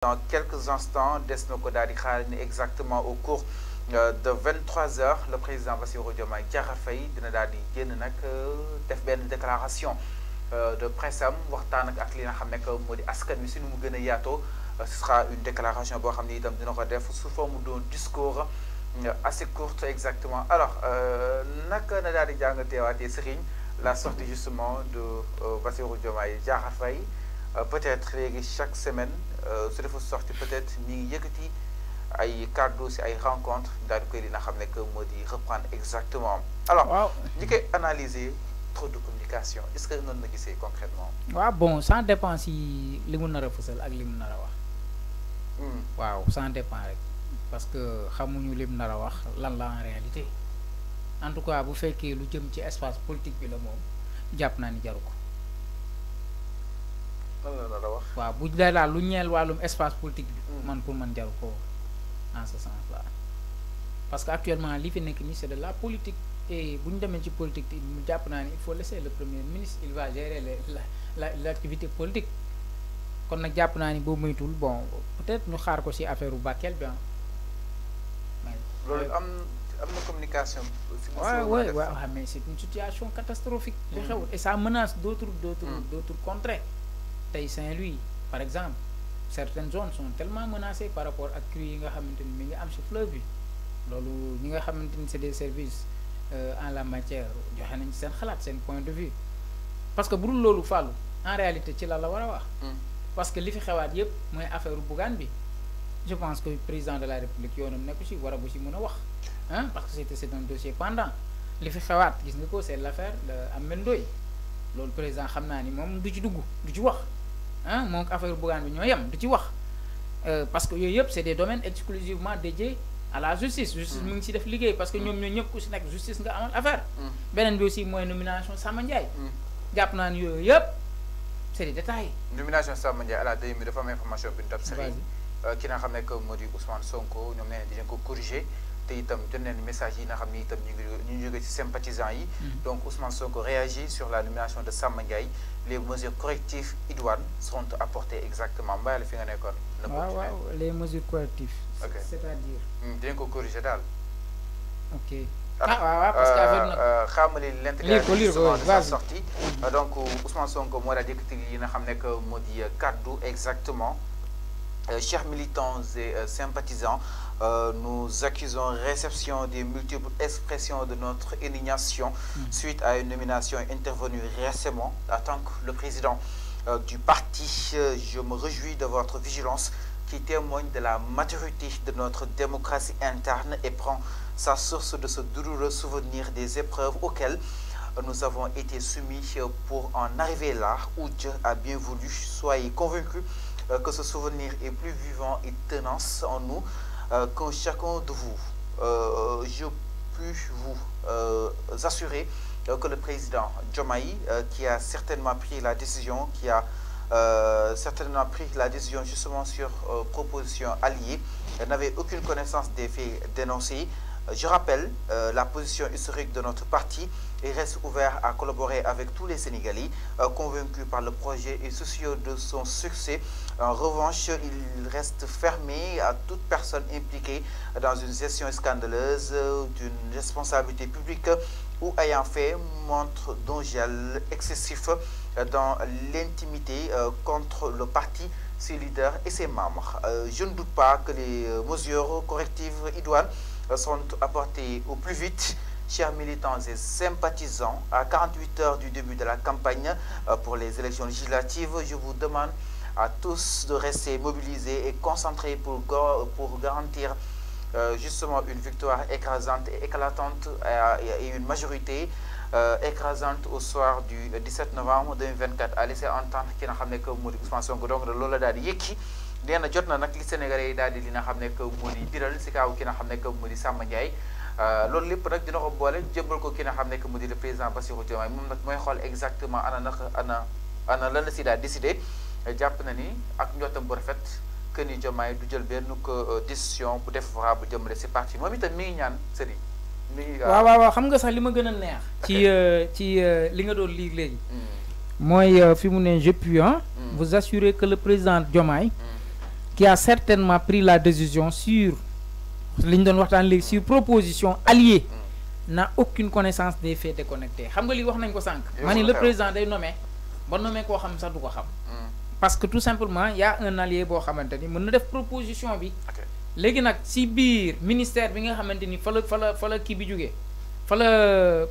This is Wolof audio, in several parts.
dans quelques instants des ko exactement au cours euh, de 23 heures le président Bassirou Diomaye Diakhar Faye dina daal di euh, déclaration euh, de presse am waxtaan ak li nga xam ne que si mu ce sera une déclaration boo xam itam sous forme d'un discours assez courte exactement alors naka na daal di la sortie justement de Bassirou Diomaye Diakhar euh, peut-être chaque semaine il euh, faut sortir peut-être ni ngi ay kàddu si ay rencontre daal di koy que modi reprendre exactement alors ñi analyser trop de communication est-ce que non la gissé concrètement wa bon ça dépend si li mu nar a fësal ak li mu nar a wax hmm. waaw sans dépend parce que xamuñu li mu nar a wax lan la en réalité en tout cas bu féké lu jëm ci espace politique bi la mom japp naa ni waaw bu dee daal lu ñeel wàllum espace politique bi. man pour man jaru ko en ce sens là parce que actuellement li fi nekk nii c'est de la politique et bu ñu demee ci politique mu jàpp naa ne il faut laisser le premier ministre il va gérer la la l'activité politique kon nag jàpp naa ni boobu muytul bon peut-être ñu xaar ko ci affaire bu Bakel bi ah. loolu am am na communication. waaw waaw mais c'est une situation catastrophique. li mm. xew et ça menace d'autres d'autres mm. d'autres contrées tey Saint-Louis par exemple certaines zones sont tellement menacées par rapport à crues yi nga xamante ni mi ngi am si fleuve bi loolu ñi nga xamante ni c'est des services euh, en la matière joxe nañ seen xalaat seen point de vue parce que bu dul loolu fàllu en réalité ci la la war a wax mm. parce que li fi xewaat yépp mooy affaire Bougane bi je pense que président de la république yoonam nekku ci war a bu ci mën a wax hein parce que c'était c'est un dossier pendant li fi xewaat gis nga ko c'est l'affaire de Ameth loolu président xam naa ni moom du ci dugg du ci wax Hein, affaire euh, parce que des domaines exclusivement dédiés à la justice justice mm. mu parce que mm. ñom ñoy ñep ku justice nga amal affaire mm. aussi nomination des détails nomination la nomination dafa am information bi euh, que Sonko corriger message mm-hmm. donc Ousmane réagit sur la nomination de sam les mesures correctives idoines sont apportées exactement les mesures correctives. c'est-à-dire. Hmm, ok. donc euh, Ousmane Sonko euh, exactement euh, chers militants et sympathisants. Euh, nous accusons réception des multiples expressions de notre indignation mm. suite à une nomination intervenue récemment en tant que le président euh, du parti. Euh, je me réjouis de votre vigilance qui témoigne de la maturité de notre démocratie interne et prend sa source de ce douloureux souvenir des épreuves auxquelles nous avons été soumis pour en arriver là où Dieu a bien voulu. Soyez convaincus que ce souvenir est plus vivant et tenace en nous. Euh, que chacun de vous, euh, je puis vous euh, assurer que le président Jomaï, qui a certainement pris la décision, qui a certainement pris la décision justement sur proposition alliée, n'avait aucune connaissance des faits dénoncés. Je rappelle euh, la position historique de notre parti et reste ouvert à collaborer avec tous les Sénégalais euh, convaincus par le projet et soucieux de son succès. En revanche, il reste fermé à toute personne impliquée dans une gestion scandaleuse d'une responsabilité publique ou ayant fait montre gel excessif dans l'intimité euh, contre le parti, ses leaders et ses membres. je ne doute pas que les mesures correctives idoines sont apportées au plus vite chers militants et sympathisants, à 48 heures du début de la campagne euh, pour les élections législatives, je vous demande à tous de rester mobilisés et concentrés pour, pour garantir euh, justement une victoire écrasante et éclatante euh, et, une majorité écrasante au soir du 17 novembre 2024 à laisser entendre qu'il a de l'Ola nee na jot na nag li Sénégalais yi daal di li nga xam ne que moo di diral si kaw ki nga xam ne que moo di Samba Ndiaye euh, loolu lépp nag dina ko boole jébbal ko ki nga xam ne que moo di le président Bassirou Diomaye moom nag mooy xool exactement ana nag ana ana lan la si daal décidé jàpp na ni ak njottam bu rafet que ni Diomaye du jël benn ko euh, décision bu défavorable bu jëmale si parti moom itam mi ngi ñaan sëriñ. waaw euh, waaw waaw xam nga sax li ma gën a neex. ci ci li nga doon lii léegi. Hmm. mooy fi mu ne je puis hein. hmm. vous assurer que le président Diomaye. Hmm qui a certainement pris la décision sur li ñu doon waxtaan sur proposition alliée n'a aucune connaissance des faits déconnectés xam nga lii wax nañ ko sànq ma le président day nommé ba nommé ko xam sax du ko xam hmm. parce que tout simplement y a un allié boo xamante ni mën na def proposition bi léegi nag si biir ministère bi nga xamante ni fa la fa la fa la kii bi jógee fa la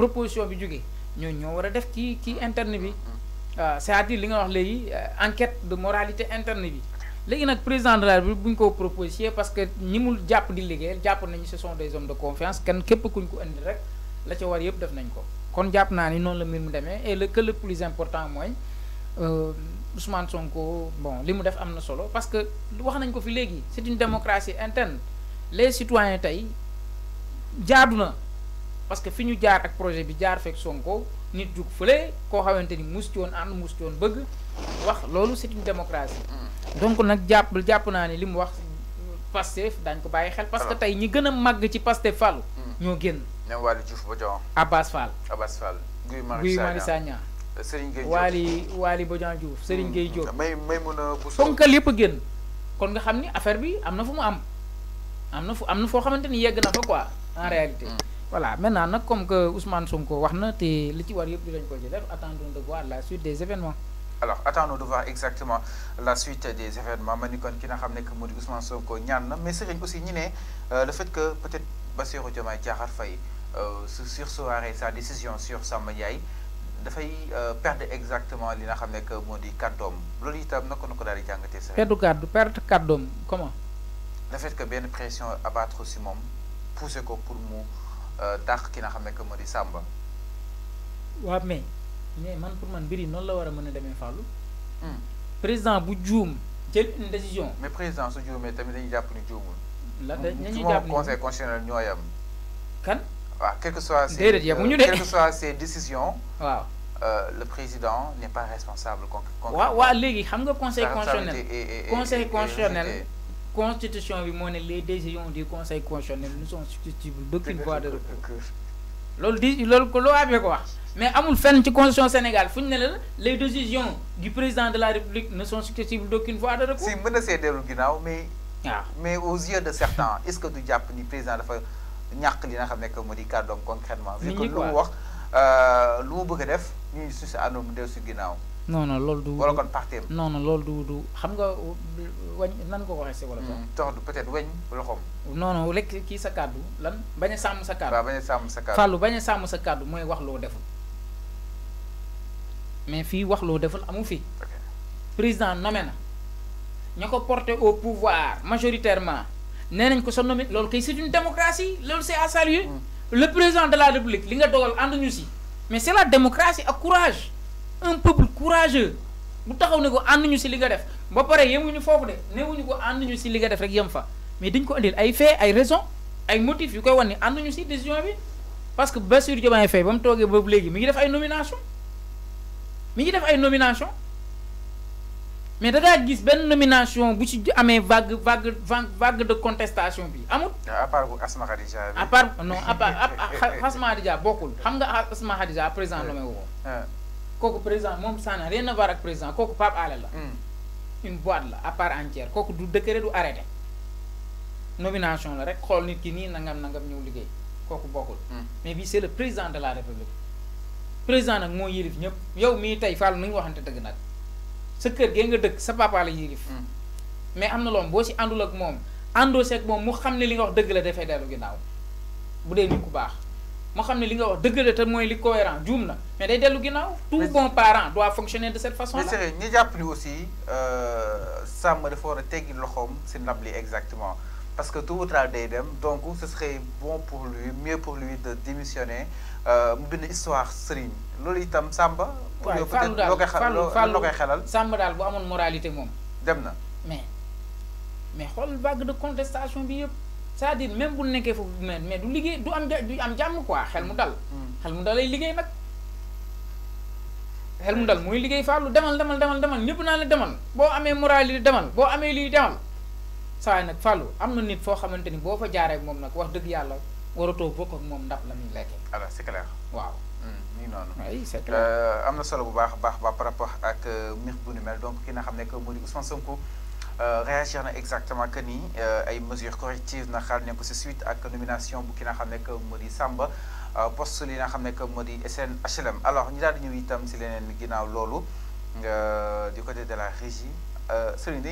proposition bi jógee ñoo ñoo war def kii interne bi hmm. ah, c'est-à-dire li nga wax euh, enquête de moralité interne bi léegi nak président de la République buñ ko proposé parce que ñi mu jàpp di liguel japp nañ ce sont des hommes de confiance ken képp kuñ ko andi rek la ci war yëpp def nañ ko kon japp naa ni noonu la mbir mu demee et le que le plus important mooy euh, Ousmane Sonko bon limu def amna solo parce que wax nañ ko fi légui c'est une démocratie interne les citoyens tay jaadu parce que fiñu jaar ak projet bi jaar fek Sonko nit jug feulé ko xamante ni mus ci woon ànd mus bëgg wax lolu c'est une démocratie mm. donc nag jàpp jàpp naa ne li mu wax Pastef daañ ko bàyyi xel. parce que ah. tey ñi gën a màgg ci Pastef Fallu. Hmm. ñoo génn. ñoom Waly Diouf Bodian. Abbas Fall. Abbas Fall. Guy Marius Sagna Serigne Gueye Diop Waly Waly Bodian Diouf Serigne hmm. Gueye Diop. may mun a bu ponkal yëpp a génn. kon nga xam ni affaire bi am na fu mu am am na fu am na foo xamante ni yegg na fa quoi en réalité. Hmm. voilà maintenant nag comme que Ousmane Sonko wax na te li ci war yëpp dinañ ko ci def attendons de voir la suite des événements. alors attendons de voir exactement la suite des événements ma qui n'a ki que moo Ousmane Sonko ñaan na mais c'est aussi ñi euh, le fait que peut-être Bassirou Diomaye Diakhar Faye euh, su surseoiré sa décision sur Samba Ndiaye dafay euh, perdre exactement li nga xam ne que moo di kàddoom loolu itam naka na ko daal perdre kàddu perdre comment. le fait que benn pression abattre si Mom, pousser ko pour mu dàq ki n'a xam que moo Samba. Oui, mais mais man pour man biri non la wara a mën fallu hmm. président bu juum jël une décision. mais président su juumee tamit dañuy japp ni juumul. la hmm. dañuy japp ni conseil constitutionnel ñoo yem. kan. waaw ah, quelque soit ses déedéet yemuñu de soit ses décisions. waaw. Euh, le président n'est pas responsable. wa wa légui xam nga conseil constitutionnel conseil constitutionnel. constitution bi mo ne les décisions du conseil constitutionnel ne sont susceptibles d'aucune voie de recours. loolu di ko loo amee ko wax mais amul fenn ci constitution Sénégal fu ñu ne la les décisions du président de la République ne sont susceptibles d'aucune voie de recours. si mëna na see dellu mais. Ah. mais aux yeux de certains est-ce que du japp ni président dafa ñàkk li nga xam que modi di concrètement. nit ñi lu wax euh lu bëgg def ñu ngi suuf si ànduma mu dellu non non lool du wala kon partem non non lool du du xam nga wañ nan ko waxee si wala. Hmm, tox du peut-être weñ loxoom. non non rek ki sa cadeau lan baña sam sa cadeau waaw bañ a sa cadeau fallu baña sam sa cadeau moy wax loo deful mais fi wax loo defal amu fi président namena ñako porter au pouvoir majoritairement nee ko sa nommé loolu kay c'est une démocratie lolou c'est à saluer mm. le président de la république li nga dogal ñu ci mais c'est la démocratie ak courage un peuple courageux bu taxaw ne ko ñu ci li nga def ba pare yemuñu foofu de newuñu ko ñu ci li nga def rek yem fa mais dañ ko andil ay fait ay raisons ay motifs yu koy wone andu ñu ci décision bi parce que Bassirou Diomaye Faye ba mu toogee boobu léegi mi ngi def ay nomination mi ngi def ay nomination mais da daa gis benn nomination bu ci amee vague vague vague de contestation bi amul. Ah, à part Asma Khadija. à part non à part Asma Khadija bokkul xam nga Asma Khadija président la may woo. Ah. Ah. kooku président moom ça n'a rien à voir ak président kooku Pape Alé la. Hmm. une boîte la à part entière kooku du décret du arrêté nomination la rek xool nit ki nii nangam nangam ñëw liggéey kooku bokkul. Hmm. mais bi c'est le président de la république. président nag moo yilif ñëpp yow mii tey Fall nañu waxante dëgg nag sa kër gee nga dëkk sa papa la yilif mm. mais am na loom boo si àndul ak moom àndoo seeg moom mu xam ne li nga wax dëgg la dafay dellu ginnaaw bu dee nit ku baax mu xam ne li nga wax dëgg la te mooy li cohérent juum na mais day dellu ginnaaw. tout bon parent doit fonctionner de cette façon là. nga ñi jàpp ni aussi euh, sàmm dafa war a teggi loxoom si ndam li exactement. parce que tout votre day dem donc ce serait bon pour lui mieux pour lui de démissionner euh, mu bind histoire Serigne loolu itam Samba. waaw Fallou daal Fallou Fallou koy Samba daal bu amoon moralité mom. dem mais mais xool bag de contestation bi yëpp c'est-à-dire même bu nekkee foofu mais mais du liggéey du am du am quoi xel mu dal. Mm. xel mu dal ay liggéey nag. xel mu dal muy liggéey Fallou demal demal demal demal ñëpp naa la demal boo amee moralité demal bo amee lii demal saay nag fàllu am na nit foo xamante ni boo fa jaaree moom nag wax dëgg yàlla waratoo bokk ak moom ndap la muy lekkee. alors c'est clair. waaw. nii hmm, noonu. oui c'est clair euh, am na solo bu baax a baax par rapport ak euh, mbir bu ni mel donc ki nga xam ne que moo di Ousmane Sonko euh, réagir na exactement que ni ay mesures correctives na xaar ne ko si suite ak nomination bu ki nga xam ne que moo di Samba poste li nga xam ne que moo di SN alors ñu daal di ñëw itam si leneen ginnaaw loolu du côté de la régie Serigne.